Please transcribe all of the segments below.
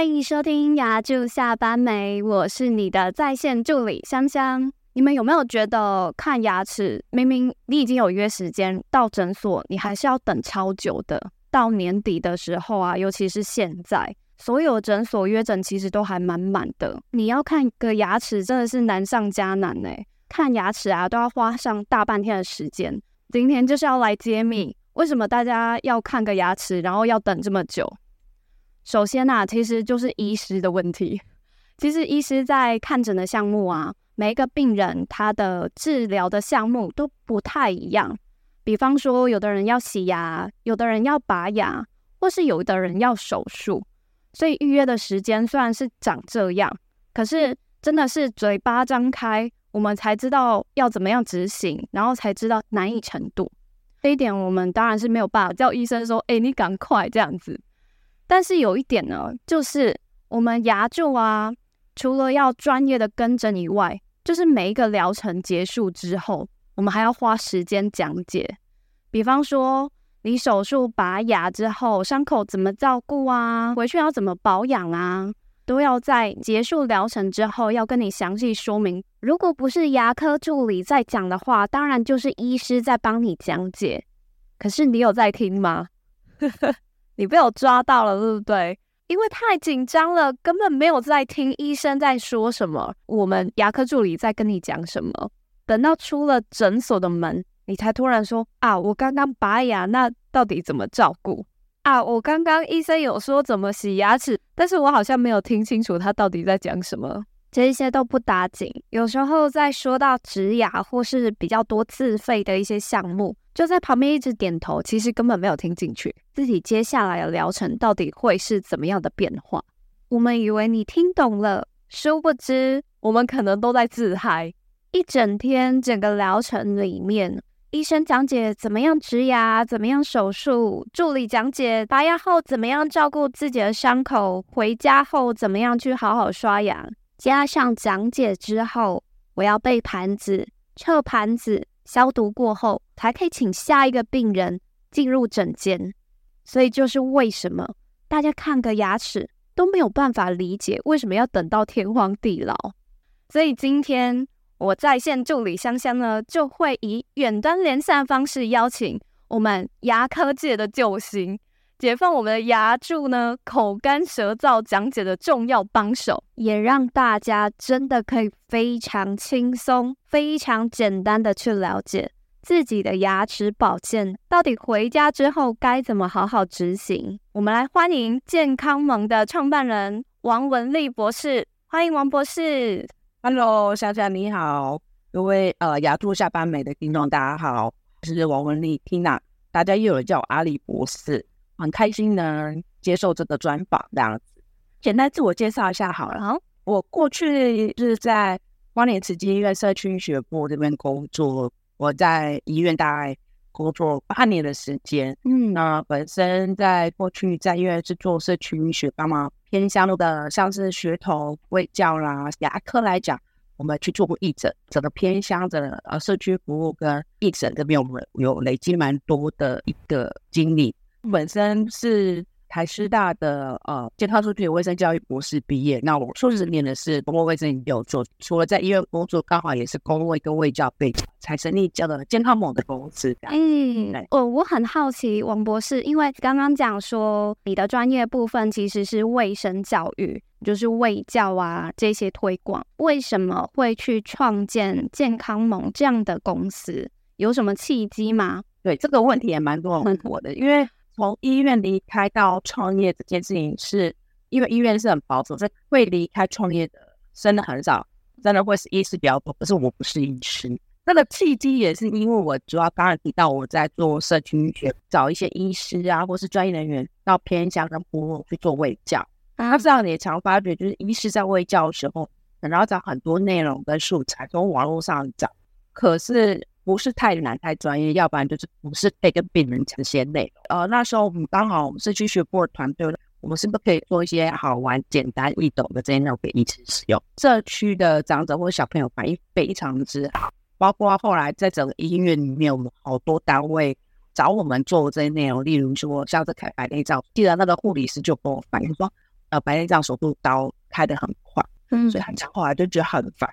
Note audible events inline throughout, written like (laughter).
歡迎收聽牙助下班沒，我是你的在線助理香香。你們有沒有覺得看牙齒，明明你已經有約時間到診所，你還是要等超久的？到年底的時候啊，尤其是現在，所有診所約診其實都還蠻滿的。你要看個牙齒真的是難上加難哎、欸，看牙齒啊都要花上大半天的時間。今天就是要來揭秘，為什麼大家要看個牙齒，然後要等這麼久？首先吶、啊，其實就是醫師的問題。其實醫師在看診的項目啊，每一個病人他的治療的項目都不太一樣。比方說，有的人要洗牙，有的人要拔牙，或是有的人要手術。所以預約的時間雖然是長這樣，可是真的是嘴巴張開，我們才知道要怎麼樣執行，然後才知道難易程度。這一點我們當然是沒有辦法叫醫生說：“哎、欸，你趕快這樣子。”但是有一點呢，就是我們牙助啊，除了要專業的跟診以外，就是每一個療程結束之後，我們還要花時間講解。比方說，你手術拔牙之後，傷口怎麼照顧啊？回去要怎麼保養啊？都要在結束療程之後，要跟你詳細說明。如果不是牙科助理在講的話，當然就是醫師在幫你講解。可是你有在聽嗎？呵呵。你被我抓到了，對不對？因為太緊張了，根本沒有在聽醫生在說什麼，我們牙科助理在跟你講什麼。等到出了診所的門，你才突然說：“啊，我剛剛拔牙，那到底怎麼照顧？啊，我剛剛醫生有說怎麼洗牙齒，但是我好像沒有聽清楚他到底在講什麼。”這些都不打緊，有時候在說到植牙或是比較多自費的一些項目。就在旁邊一直點頭，其實根本沒有聽進去。自己接下來的療程到底會是怎麼樣的變化？我們以為你聽懂了，殊不知我們可能都在自嗨。一整天整個療程裡面，醫生講解怎麼樣植牙，怎麼樣手術；助理講解拔牙後怎麼樣照顧自己的傷口，回家後怎麼樣去好好刷牙。加上講解之後，我要備盤子、撤盤子。消毒過後才可以請下一個病人進入診間，所以就是為什麼大家看個牙齒都沒有辦法理解為什麼要等到天荒地老？所以今天我在線助理香香呢，就會以遠端連線方式邀請我們牙科界的救星，解放我們的牙助呢？口乾舌燥，講解的重要幫手，也讓大家真的可以非常輕鬆、非常簡單的去了解自己的牙齒保健到底回家之後該怎麼好好執行。我們來歡迎健康盟的創辦人王文麗博士，歡迎王博士。Hello，香香你好，各位呃牙助下班沒的聽眾，大家好，我是王文麗 Tina，大家又有叫我阿裡博士。很開心能接受這個專訪，這樣子簡單自我介紹一下好了。好，我過去是在光年慈濟醫院社區醫學部這邊工作，我在醫院大概工作八年的時間。嗯，那、呃、本身在過去在醫院是做社區醫學，那偏向的像是學童衛教啦、牙科來講，我們去做過義診，整個偏向的呃、啊、社區服務跟義診這邊，我們有累積蠻多的一個經歷。本身是台師大的，呃、健康數據衛生教育博士畢業，那我碩士念的是公共衛生研究所，除了在醫院工作，剛好也是公共衛生跟衛教背景，才成立這樣的健康盟的公司。嗯，我、哦、我很好奇王博士，因為剛剛講說你的專業部分其實是衛生教育，就是衛教啊這些推廣，為什麼會去創建健康盟這樣的公司？有什麼契機嗎？對這個問題也蠻多人問我的、嗯，因為。從醫院離開到創業這件事情，是因為醫院是很保守，所以會離開創業的真的很少，真的會是醫師比較多。可是，我不是醫師。那個契機也是因為我主要剛剛提到我在做社群學，找一些醫師啊，或是專業人員到偏鄉跟部落去做衛教。他這樣也常發覺，就是醫師在衛教的時候，可能要找很多內容跟素材從網絡上找，可是。不是太難太專業，要不然就是不是可以跟病人講這些內容。呃，那時候我們剛好我們是去學播團隊，我們是不是可以做一些好玩、簡單易懂的這些內容給醫生使用？社區的長者或者小朋友反應非常之好，包括後來在整個醫院裡面，我們好多單位找我們做的這些內容。例如說，像這開白內障，記得那個護理師就跟我反映說，呃，白內障手術刀開得很快，嗯，所以他講後來就覺得很煩。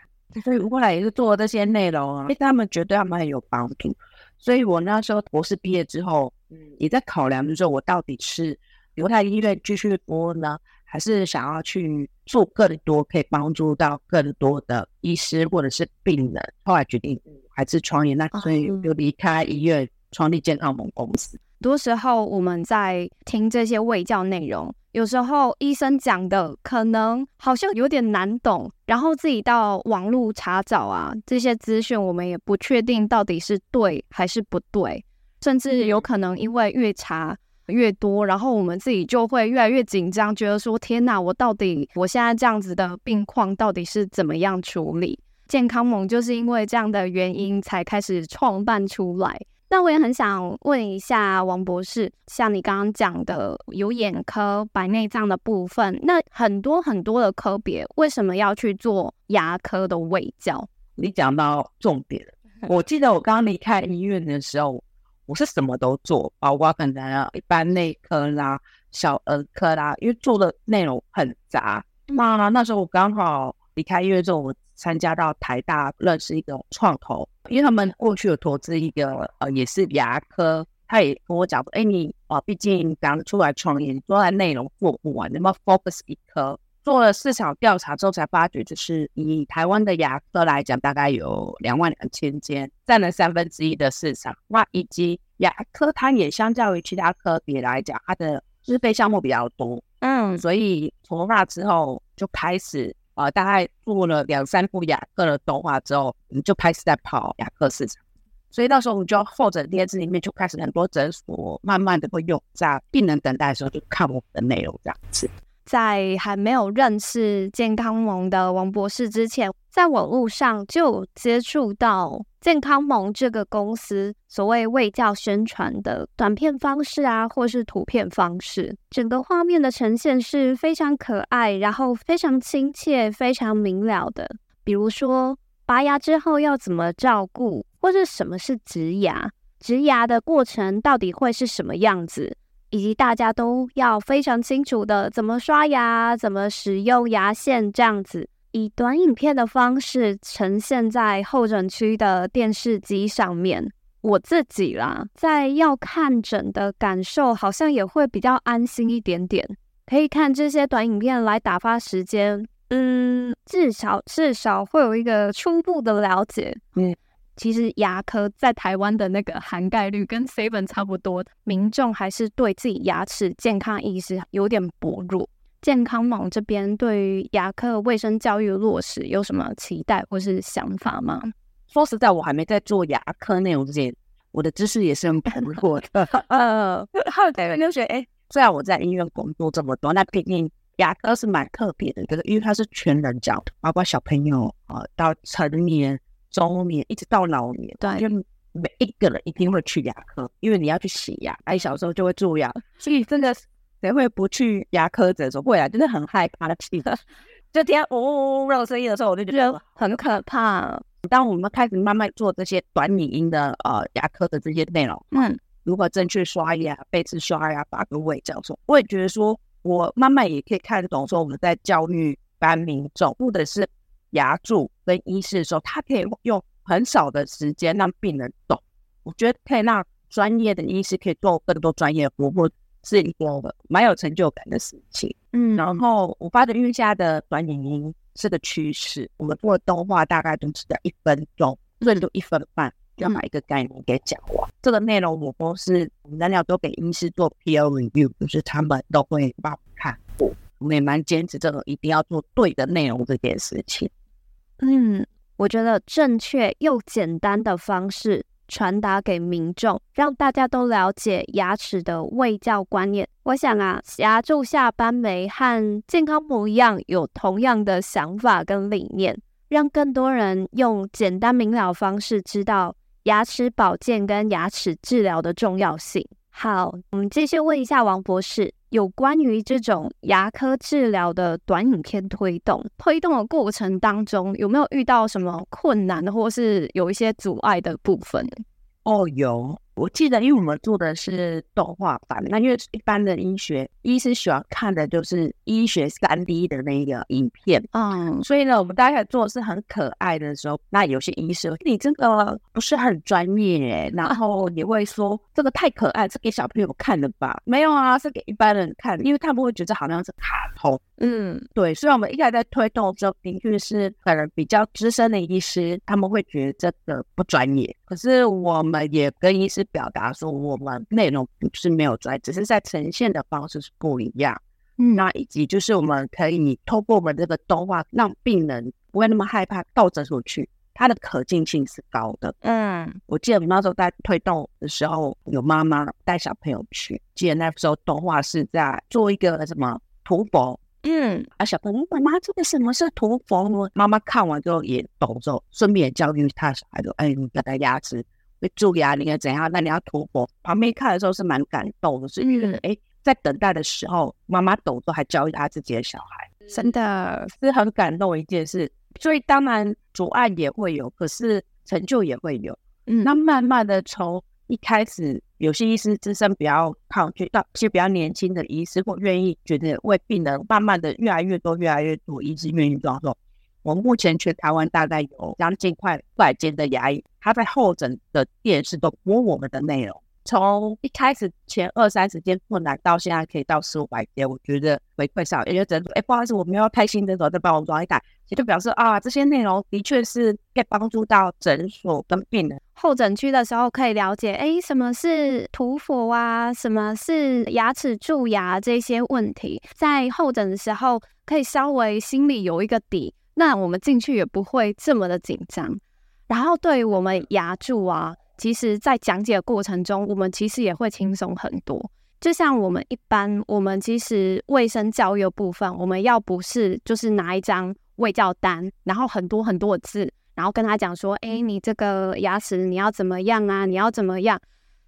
所以後來也是做這些內容啊，因為他們覺得他們很有幫助，所以我那時候博士畢業之後，嗯，也在考量的時候，就是我到底是留在醫院繼續播呢，還是想要去做更多可以幫助到更多的醫師或者是病人？後來決定還是創業，那所以就離開醫院，創立健康盟公司。很多時候我們在聽這些衛教內容。有時候醫生講的可能好像有點難懂，然後自己到網絡查找啊這些資訊，我們也不確定到底是對還是不對，甚至有可能因為越查越多，然後我們自己就會越來越緊張，覺得說天哪，我到底我現在這樣子的病況到底是怎麼樣處理？健康盟就是因為這樣的原因才開始創辦出來。那我也很想問一下王博士，像你剛剛講的有眼科白內障的部分，那很多很多的科別為什麼要去做牙科的衛教？你講到重點，我記得我剛剛離開醫院的時候， (laughs) 我是什麼都做，包括可能一般內科啦、啊、小兒科啦、啊，因為做的內容很雜。那那時候我剛好。離開音樂之後，我參加到台大認識一個創投，因為他們過去有投資一個呃，也是牙科。他也跟我講，哎、欸，你啊，畢竟剛出來創業，你做內容做不完，那麼 focus 一科。做了市場調查之後，才發覺就是以台灣的牙科來講，大概有兩萬兩千間，佔了三分之一的市場。哇，以及牙科，它也相較於其他科別來講，它的自費項目比較多。嗯，所以從那之後就開始。啊、呃，大概做了兩三部牙科的動畫之後，你就開始在跑牙科市場，所以到時候你就要候診電視裡面就開始很多診所慢慢的會用，在病人等待的時候就看我們的內容這樣子。在還沒有認識健康盟的王博士之前，在網絡上就接觸到健康盟這個公司所謂衛教宣傳的短片方式啊，或是圖片方式，整個畫面的呈現是非常可愛，然後非常親切，非常明了的。比如說拔牙之後要怎麼照顧，或者什麼是植牙，植牙的過程到底會是什麼樣子？以及大家都要非常清楚的怎麼刷牙，怎麼使用牙線，這樣子以短影片的方式呈現在候診區的電視機上面。我自己啦，在要看診的感受好像也會比較安心一點點，可以看這些短影片來打發時間。嗯，至少至少會有一個初步的了解。嗯。其實牙科在台灣的那個涵蓋率跟 Seven 差不多，民眾還是對自己牙齒健康意識有點薄弱。健康盟這邊對於牙科衛生教育的落實有什麼期待或是想法嗎？說實在，我還沒在做牙科內容之前，我的知識也是很薄弱的。 (laughs) (laughs) (laughs) 嗯，好在我們覺得，哎、欸，雖然我在醫院工作這麼多，那畢竟牙科是蠻特別的，可是因為它是全人教的，包括小朋友啊、呃、到成年。中年一直到老年，對，就每一個人一定會去牙科，因為你要去洗牙，誒，小時候就會蛀牙，所以真的誰會不去牙科診所？會啊，真的很害怕的。 (laughs) 就聽到嗚嗚嗚這聲音的時候，我就覺得很可怕。當我們開始慢慢做這些短影音的呃牙科的這些內容，嗯，如何正確刷牙、貝氏刷牙、拔個位這樣說，我也覺得說，我慢慢也可以看得懂說我們在教育班民眾或者是。牙助跟醫師的時候，他可以用很少的時間讓病人懂。我覺得可以讓專業的醫師可以做更多專業我或是一定的蠻有成就感的事情。嗯，然後我發覺現在的短影音是個趨勢，我們做的動畫大概都只在一分鐘，最多一分半，就把一個概念給講完。嗯。這個內容我們都是，我們盡量都給醫師做 PO review，就是他們都會幫我們看過。我們也蠻堅持這種、個、一定要做對的內容這件事情。嗯，我覺得正確又簡單的方式傳達給民眾，讓大家都了解牙齒的衛教觀念。我想啊，牙助下班莓和健康盟一樣，有同樣的想法跟理念，讓更多人用簡單明了方式知道牙齒保健跟牙齒治療的重要性。好，我們繼續問一下王博士。有關於這種牙科治療的短影片推動，推動的過程當中，有沒有遇到什麼困難，或是有一些阻礙的部分？哦，有。我記得，因為我們做的是動畫版，那因為一般的醫學醫師喜歡看的就是醫學三 D 的那個影片，嗯，所以呢，我們大概做的是很可愛的時候，那有些醫師你這個不是很專業，欸，然後也會說這個太可愛，是給小朋友看的吧？沒有啊，是給一般人看，因為他們會覺得好像是卡通，嗯，對。所以我們一開始在推動，就的確是可能比較資深的醫師，他們會覺得這個不專業，可是我們也跟醫生，表達說，我們內容不是沒有在，只是在呈現的方式是不一樣。嗯，那以及就是我們可以你透過我們這個動畫，讓病人不會那麼害怕到診所去，它的可進性是高的。嗯，我記得你們那時候在推動的時候，有媽媽帶小朋友去，記得那時候動畫是在做一個什麼塗氟？嗯，啊，小朋友問媽媽這個什麼是塗氟？我媽媽看完之後也懂了，順便也教育他小孩說：“哎、欸，你要戴牙齒。”會蛀牙你啊怎樣？那你要突破，旁邊看的時候是蠻感動的，所以哎、嗯欸，在等待的時候，媽媽抖都還教育他自己的小孩，真的是很感動一件事。所以當然阻礙也會有，可是成就也會有。嗯，那慢慢的從一開始有些醫師資深比較抗拒，到些比較年輕的醫師或願意覺得為病人，慢慢的越來越多越來越多醫師願意這樣做。我目前全台灣大概有將近快五百間的牙醫，他在候診的電視都播我們的內容。從一開始前二三十間困難，到現在可以到四五百間。我覺得回饋少。有些整、欸、不好意思，我沒有開新時候再幫我們轉一台，也就表示啊，這些內容的確是可以幫助到診所跟病人。候診區的時候可以了解，哎、欸，什麼是塗氟啊？什麼是牙齒蛀牙這些問題？在候診的時候可以稍微心裡有一個底。那我們進去也不會這麼的緊張，然後對於我們牙助啊，其實，在講解的過程中，我們其實也會輕鬆很多。就像我們一般，我們其實衛生教育的部分，我們要不是就是拿一張衛教單，然後很多很多字，然後跟他講說：“誒、欸，你這個牙齒你要怎麼樣啊？你要怎麼樣？”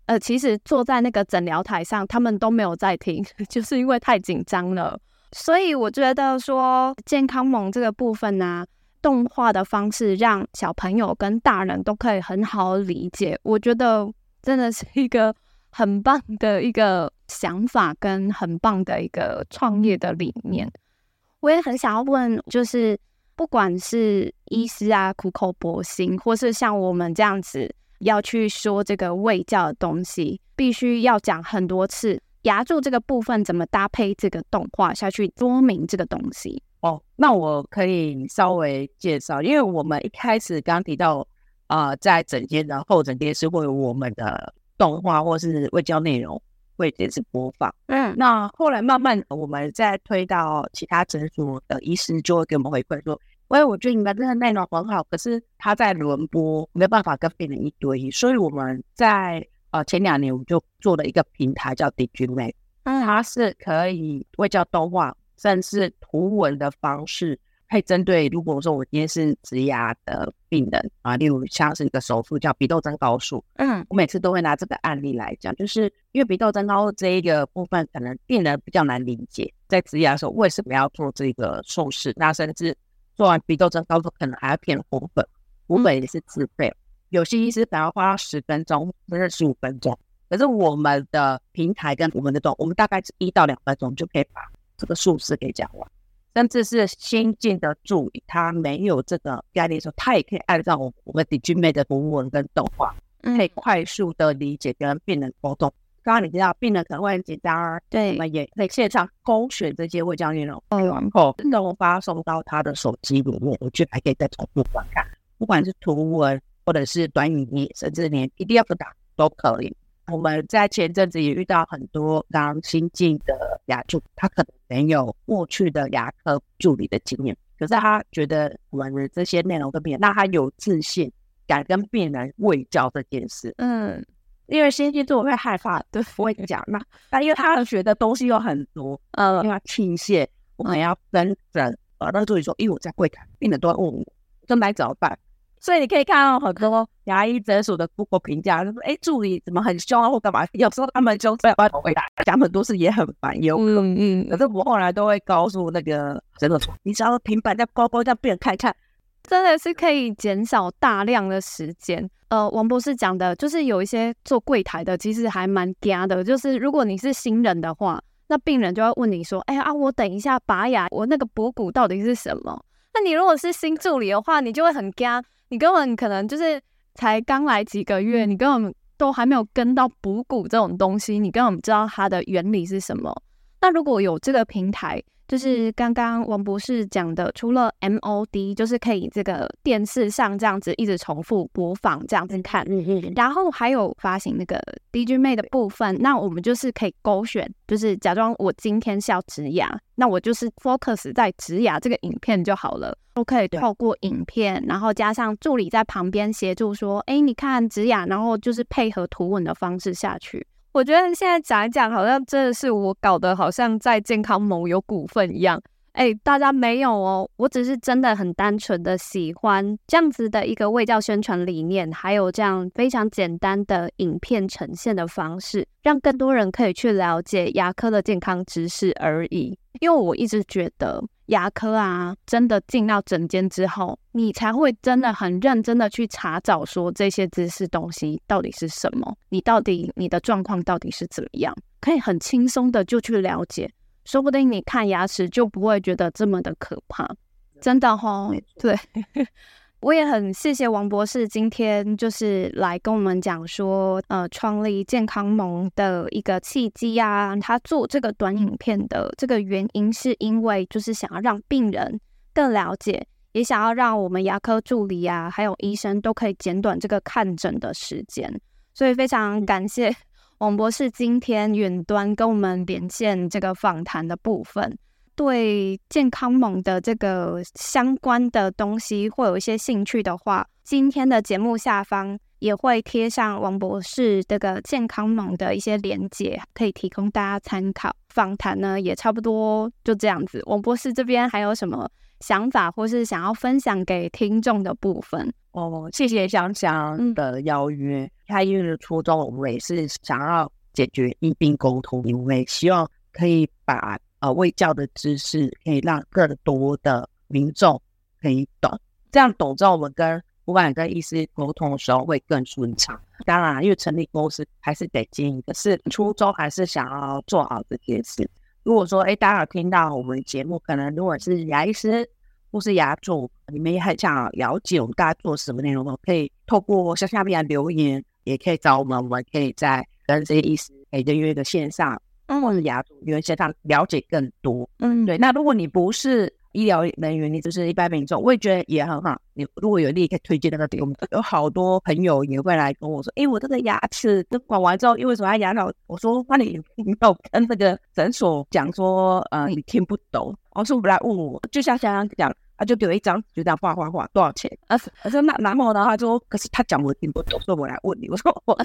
呃，其實坐在那個診療臺上，他們都沒有在聽，就是因為太緊張了。所以我覺得說健康盟這個部分啊，動畫的方式讓小朋友跟大人都可以很好理解，我覺得真的是一個很棒的一個想法跟很棒的一個創業的理念。我也很想要問，就是不管是醫師啊，苦口婆心，或是像我們這樣子要去說這個衛教的東西，必須要講很多次。牙助這個部分怎麼搭配這個動畫下去說明這個東西？哦，那我可以稍微介紹，因為我們一開始剛提到，啊、呃，在整間的後，後整間是會有我們的動畫或是衛教內容會電視播放。嗯，那後來慢慢我們再推到其他診所的醫師，就會給我們回饋說，喂，我覺得你們這個內容很好，可是他在輪播，沒辦法跟病人一對一，所以我們在。啊，前兩年我們就做了一個平台叫 DGM，i i 它是可以會叫動畫甚至圖文的方式，可以針對。如果說我今天是植牙的病人啊，例如像是一個手術叫鼻竇增高術，嗯，我每次都會拿這個案例來講，就是因為鼻竇增高這一個部分，可能病人比較難理解。在植牙的時候，為什麼要做這個術式，那甚至做完鼻竇增高術，可能還要填骨粉，骨粉也是自費。嗯有些醫師可能要花十分鐘，或是十五分鐘，可是我們的平台跟我們的動，我們大概一到兩分鐘就可以把這個術式給講完，甚至是新進的助理他沒有這個概念的時候，他也可以按照我我們的 DigiMed 的圖文跟動畫、嗯，可以快速的理解跟病人溝通。剛剛你知道病人可能會很緊張，對，我們也可以線上勾選這些衛教內容，哦、哎、哦，自動發送到他的手機裡面，我覺得還可以再重複觀看，不管是圖文。或者是短影音，甚至連 PDF 檔都可以。我們在前陣子也遇到很多剛新進的牙助，他可能沒有過去的牙科助理的經驗，可是他覺得我們的這些內容跟病人，那他有自信，敢跟病人衛教這件事。嗯，因為新進都會害怕，對，不會講。那那因為他要學的東西又很多，嗯嗯、因為他、嗯、要清洗、嗯，我們要分診，而那助理說：“，因為我在櫃檯，病人都會問我，這該怎麼辦？”所以你可以看到很多牙醫診所的顧客評價，就是、說、欸：“助理怎麼很凶啊，或幹嘛？”有時候他們就沒有回答。講很多事也很煩，有嗯嗯。可是我後來都會告訴那個診所，你只要平板在包包在病人看一看，真的是可以減少大量的時間。呃，王博士講的，就是有一些做櫃檯的其實還蠻乾的，就是如果你是新人的話，那病人就要問你說：“哎、欸、啊，我等一下拔牙，我那個補骨到底是什麼？”那你如果是新助理的話，你就會很乾。你根本可能就是才剛來幾個月，你根本都還沒有跟到補骨這種東西，你根本不知道它的原理是什麼。那如果有這個平台，就是剛剛王博士講的、嗯，除了 MOD，就是可以這個電視上這樣子一直重複播放這樣子看，嗯嗯，嗯，嗯，然後還有發行那個 DJ 妹的部分、嗯，那我們就是可以勾選，就是假裝我今天是要植牙，那我就是 focus 在植牙這個影片就好了，OK，透過影片，然後加上助理在旁邊協助說，哎，你看植牙，然後就是配合圖文的方式下去。我覺得現在講一講，好像真的是我搞得好像在健康盟有股份一樣。哎，大家沒有哦，我只是真的很單純的喜歡這樣子的一個衛教宣傳理念，還有這樣非常簡單的影片呈現的方式，讓更多人可以去了解牙科的健康知識而已。因為我一直覺得牙科啊，真的進到診間之後，你才會真的很認真的去查找說，這些知識東西到底是什麼，你到底你的狀況到底是怎麼樣，可以很輕鬆的就去了解。說不定你看牙齒就不會覺得這麼的可怕，真的哈、哦。對， (laughs) 我也很謝謝王博士今天就是來跟我們講說，呃，創立健康盟的一個契機啊。他做這個短影片的這個原因，是因為就是想要讓病人更了解，也想要讓我們牙科助理啊，還有醫生都可以減短這個看診的時間。所以非常感謝。嗯王博士今天遠端跟我們連線，這個訪談的部分，對健康盟的這個相關的東西會有一些興趣的話，今天的節目下方也會貼上王博士這個健康盟的一些連結，可以提供大家參考。訪談呢也差不多就這樣子。王博士這邊還有什麼？想法或是想要分享給聽眾的部分哦，謝謝香香的邀約。開、嗯、因為的初衷，我們也是想要解決醫病溝通，因為希望可以把呃衛教的知識可以讓更多的民眾可以懂，這樣懂之後，我們跟不管跟醫師溝通的時候會更順暢。當然、啊，因為成立公司還是得經營，可是初衷還是想要做好這件事。如果說，哎，大家有聽到我們節目，可能如果是牙醫師或是牙助，你們也很想了解我們大家做什麼內容，可以透過像下面留言，也可以找我們，我們可以在跟這些醫師、牙醫的線上，嗯，或是牙助、牙醫線上了解更多。嗯，對。那如果你不是，醫療人員，你就是一般民眾，我也覺得也很好。你如果有利益，可以推薦那個給我們。有好多朋友也會來跟我說：“哎、欸，我這個牙齒，都管完之後，因為什麼牙套？”我說：“那你有你沒有跟這個診所講說，呃，你聽不懂。”我說：“我來問我。”就像香香講，他就給我一張，就這樣畫畫畫，多少錢？我、啊、說：“那，那然後呢？”他就可是他講我聽不懂，所以，我來問你。我說：“我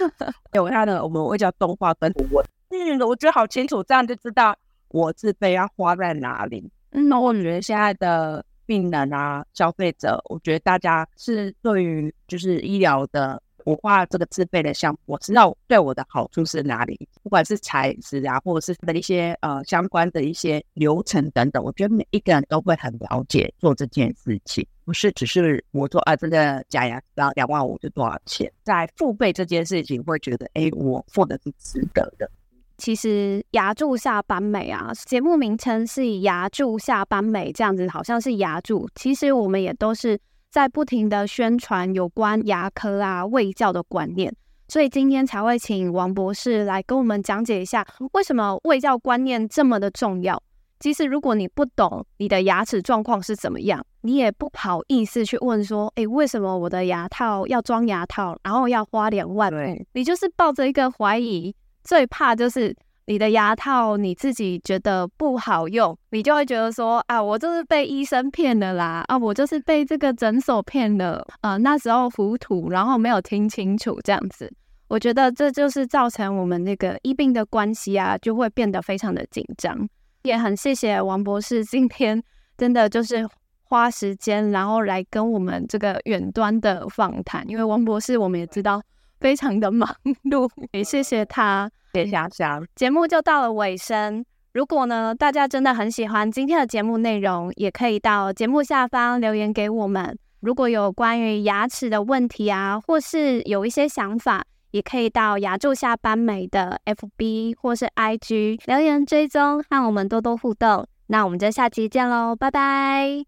有、 (laughs) 欸、他的，我們會叫動畫跟圖。我嗯，我覺得好清楚，這樣就知道我自卑要花在哪裡。”嗯，那我覺得現在的病人啊，消費者，我覺得大家是對於就是醫療的，我花這個自費的項目，我知道對我的好處是哪裡，不管是材質啊，或者是它的一些呃相關的一些流程等等，我覺得每一個人都會很了解做這件事情，不是只是我做啊，這個假牙要兩萬五就多少錢，在付費這件事情會覺得，哎，我付的是值得的。其實牙助下班沒啊？節目名稱是以牙助下班沒這樣子好像是牙助。其實我們也都是在不停的宣傳有關牙科啊衛教的觀念，所以今天才會請王博士來跟我們講解一下，為什麼衛教觀念這麼的重要。其實如果你不懂你的牙齒狀況是怎麼樣，你也不好意思去問說，哎，為什麼我的牙套要裝牙套，然後要花兩萬？ (laughs) 你就是抱着一個懷疑。最怕就是你的牙套你自己覺得不好用，你就會覺得說啊，我就是被醫生騙了啦，啊，我就是被這個診所騙了，呃，那時候糊塗，然後沒有聽清楚這樣子。我覺得這就是造成我們那個醫病的關係啊，就會變得非常的緊張。也很謝謝王博士今天真的就是花時間，然後來跟我們這個遠端的訪談，因為王博士我們也知道。非常的忙碌，也謝謝他，謝謝大家。節目就到了尾聲，如果呢大家真的很喜歡今天的節目內容，也可以到節目下方留言給我們。如果有關於牙齒的問題啊，或是有一些想法，也可以到牙助下班美的 FB 或是 IG 留言追蹤，和我們多多互動。那我們就下期見嘍，拜拜。